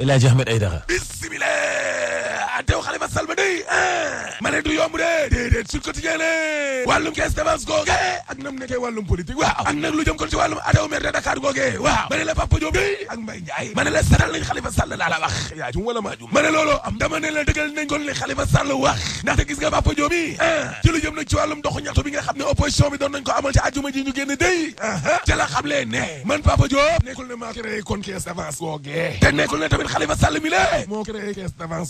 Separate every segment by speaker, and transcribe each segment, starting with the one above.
Speaker 1: الى جهه من اي دغه بسم الله attew Khalifa Sall ba eh, du yomb de déedéet su wàllum caisse d'avance googe ak nam nekkee wàllum politique waaw ak nag lu jëm kon ci wàllum attew maire de Dakar googe waaw ma la Papa Diop day eh, ak Mbaye Ndiaye ma la satal nañ Khalifa Sall laa la wax yaa jum wala maa jum ma ne am dama ne la dëggal nañ kon li Khalifa Sall wax ndaxte gis nga Papa Diop yi eh, ci lu jëm nag ci wàllum doxu ñaxtu bi nga xam ne opposition bi doon nañ ko amal ci ji ñu génn ca la xam lee ne man Papa nekkul ne maa créé kon te nekkul ne tamit Sall mi moo créé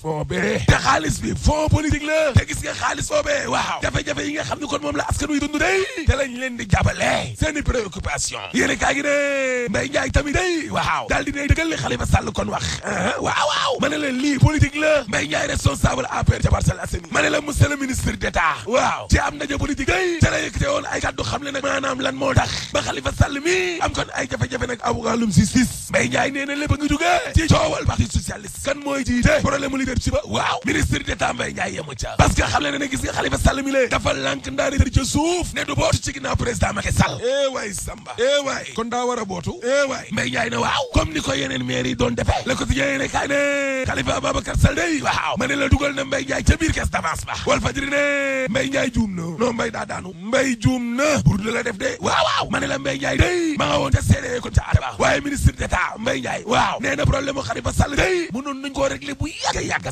Speaker 1: boobee boobee te xaalis bi fond politique la te gis nga xaalis boobee waaw jafe-jafe yi nga xam ne kon moom la askan wi dund day te lañ di jàppale seeni préoccupation yéene kaa gi ne njaay tamit day waaw daal di ne dëggal li Xalifa Sàll kon wax uh-huh. waaw waaw ma ne lii politique la mbay njaay responsable APR ca Parcelles Assainies ma ne la monsieur le ministre waaw ci am ndaje politique day te la yëkkate woon ay kàddu xam le nag maanaam lan moo tax ba Xalifa Sàll a waaw ministre d'État Mbaye Ndiaye yemu ca parce que xam le ne ndaari tër ca suuf ne du bootu ci ginnaaw président Macky Sall eh waay Samba eh waay kon daa war a bootu eh waay Mbaye Ndiaye ne waaw comme ni ko yeneen maire yi doon defee la ko si yéene kaay ne Khalifa Ababacar Sall day waaw ne la dugal na mbay Ndiaye ca biir caisse d'avance ba wal Fadjri ne Mbaye Ndiaye juum na non Mbaye daa daanu mbay juum na pour la def de waaw waaw ma ne la mbay Ndiaye day ma nga woon ca seede kon ca araba waaye ministre d'État Mbaye Ndiaye waaw nee na problème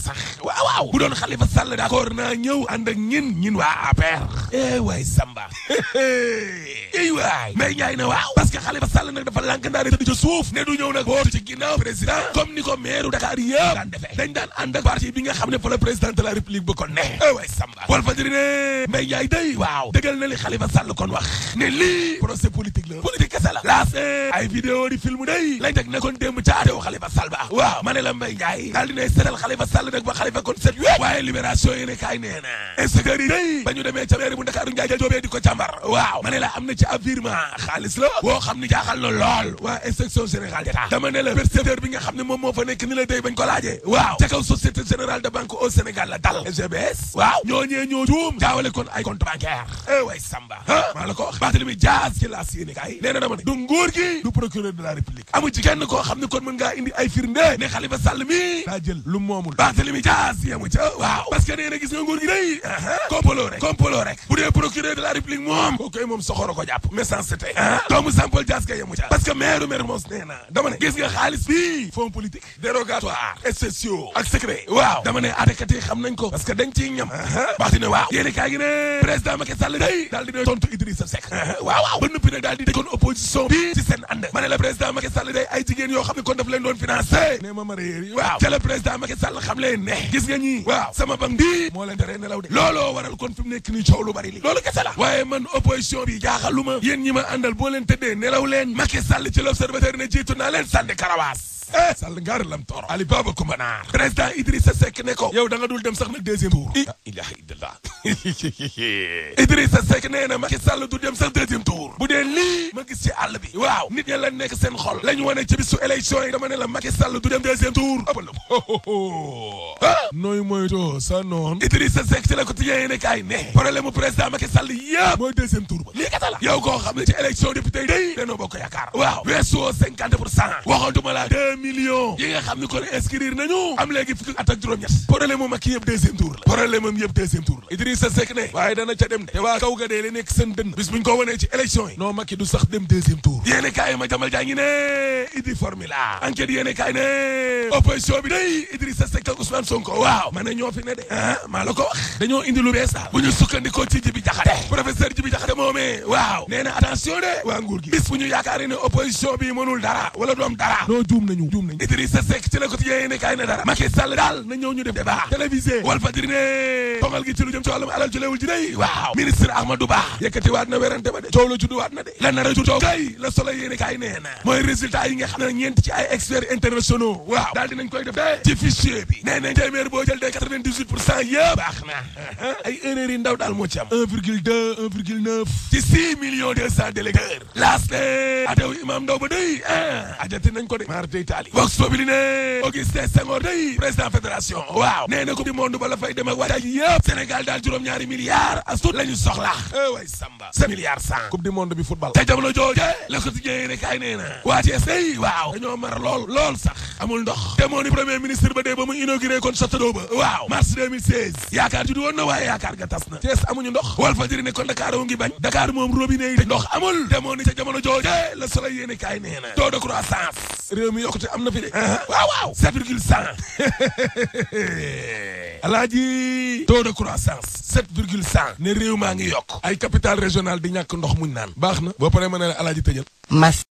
Speaker 1: sax waaw waaw bu doon Khalifa Sall d'accord naa ñëw ànd ak ñin ñin waa APR eh waay Samba eh waay Mbaye Ndiaye ne waaw parce que Khalifa nag dafa lànk ndaare tëdd ca ne du ñëw nag bootu ci ginnaaw président comme ni ko maire Dakar yëpp daan defee dañ daan ànd xam ne fa la président de la république ba ko ne eh waay Samba Walfadjri ne Mbaye Ndiaye day waaw dëggal na li Khalifa Sall kon wax ne lii procès politique la politique kese la laas ay vidéo di film day lañ teg nekkoon démb ca teew Khalifa Sall ba waaw ma ne la Mbaye Ndiaye daal dinay seetal Khalifa Sall nag ba Khalifa kon set wéet waaye day doomu Dakar Ndiaye Dia Diop di ko càmbar waaw ma ne la am na ci avirement xaalis la boo xam ni jaaxal na lool waa inspection générale d'État dama ne la percepteur bi nga xam ne moom moo fa nekk ni la day bañ ko laajee waaw ca kaw société générale de banque au Sénégal la dal SGBS waaw ñooñee ñoo juum jaawale kon ay compte bancaire eh way Samba ah maa la ko wax Barthélémy Dias ci laas yéene kaay nee na dama ne du nguur gi du procureur de la République amu ci kenn koo xam ne kon mën ngaa indi ay firnde ne Khalifa Sall mi daa jël lu moomul Barthélémy Dias yemu ca waaw parce que nee na gis nga nguur gi day kompolo rek kompolo rek bu dee procureur de la république moom koo moom soxoro ko jàpp message c' ah. doomu Sampal Dias ka yemu ca parce que maire Mermoz gis nga xaalis bii fonds politique dérogatoire spéciaux ak secret waaw dama ne xam nañ ko parce que dañ ñam uh-huh. baxti waaw yéeni kaa gi ne président Macky Sall day daal di ne tontu Idrissa Seck uh-huh. waaw waaw ba noppi nag daal di dëkkoon opposition bi ci seen ma ma mareyéer waaw ca la président Macky Sall xam leen ne gis nga ñi bari li loolu kese la waaye man opposition bi jaaxaluma yéen ñi ma àndal boo leen tëddee nelaw leen Macky Sall ci l'observateur ne jiitu naa leen sànni karawaas eh sàll ngaari lam tooro ali baba kumanaar président Idrissa Seck ne ko yow da dul dem sax nag deuxième i ilaha illallah Idrissa Seck nee na Macky Sall du dem sax deuxième bu dee lii ma gis ci waaw nit ña la nekk seen xol la ñu wane ci bisu élection yi dama ne la Macky Sall du dem deuxième tour ëppal ah nooy moytoo sa noon Idrissa Seck ci la ko tijjee ne kaay la yow koo xam ne ci élection député yi day Benno Bokk Yaakaar waaw weesu woo cinquante pour cent waxantuma la millions yi nga xam ni kon inscrire nañu am léegi fukki at ak juróom-ñett problème moom ak yëpp deuxième tour la problème moom yëpp deuxième tour la Idrissa Seck ne waaye dana ca dem de waa kaw ga dee la nekk seen dënn bis buñ ko wanee ci élection yi non Macky du sax dem deuxième tour yéene kaay ma jamal jaa ngi ne idi formula enquête yéene kaay ne waaw ma ne ñoo fi ne de ah maa la dañoo indi lu bees daal bu ñu sukkandikoo ci Jibi Jaxate professeur Jibi Jaxate moomee waaw waa juum nañ Idrissa Seck ci la ko tijee ne kaay dara Macky Sall daal na ñëw ñu def débat télévisé Walf Fadjri ne gi ci lu jëm ci alal ci leewul ji day waaw ministre Amadou Ba yëkkati waat na werante ba de coow la judd waat na de lan na rajur coow kay la solo yéene kaay nee mooy résultat yi nga xam ne ñeent ci baax na ay erreur yi daal moo ci am 1 virgule 2 1 virgule 9 ci 6 millions 200 délégués laas Italie Vox Populi ne Augustin Senghor day président fédération waaw nee na ko di monde ba la fay dem ak waajaj yëpp daal juróom-ñaari milliards astut la ñu soxla eh way samba sa milliards cent coupe du monde bi football ca jamono jooje le quotidien yi rek ay nee na waa Thiès day waaw dañoo mar lool lool sax amul ndox te moo ni premier ministre ba dee ba mu inauguré kon Château ba waaw mars 2016 yaakaar ju du woon na waaye yaakaar ga tas na Thiès amuñu ndox Walf Fadjri ne kon Dakar wu ngi bañ Dakar moom robinet ndox amul te moo ca jamono jooje le réew mi yokkute am na fi de ah. waaw waaw sept virgule cent alaaji taux de croissance sept virgule cent ne réew maa ngi yokk ay capital régional di ñàkk ndox muñ naan baax na boo paree ma ne la alaaji tëjal mas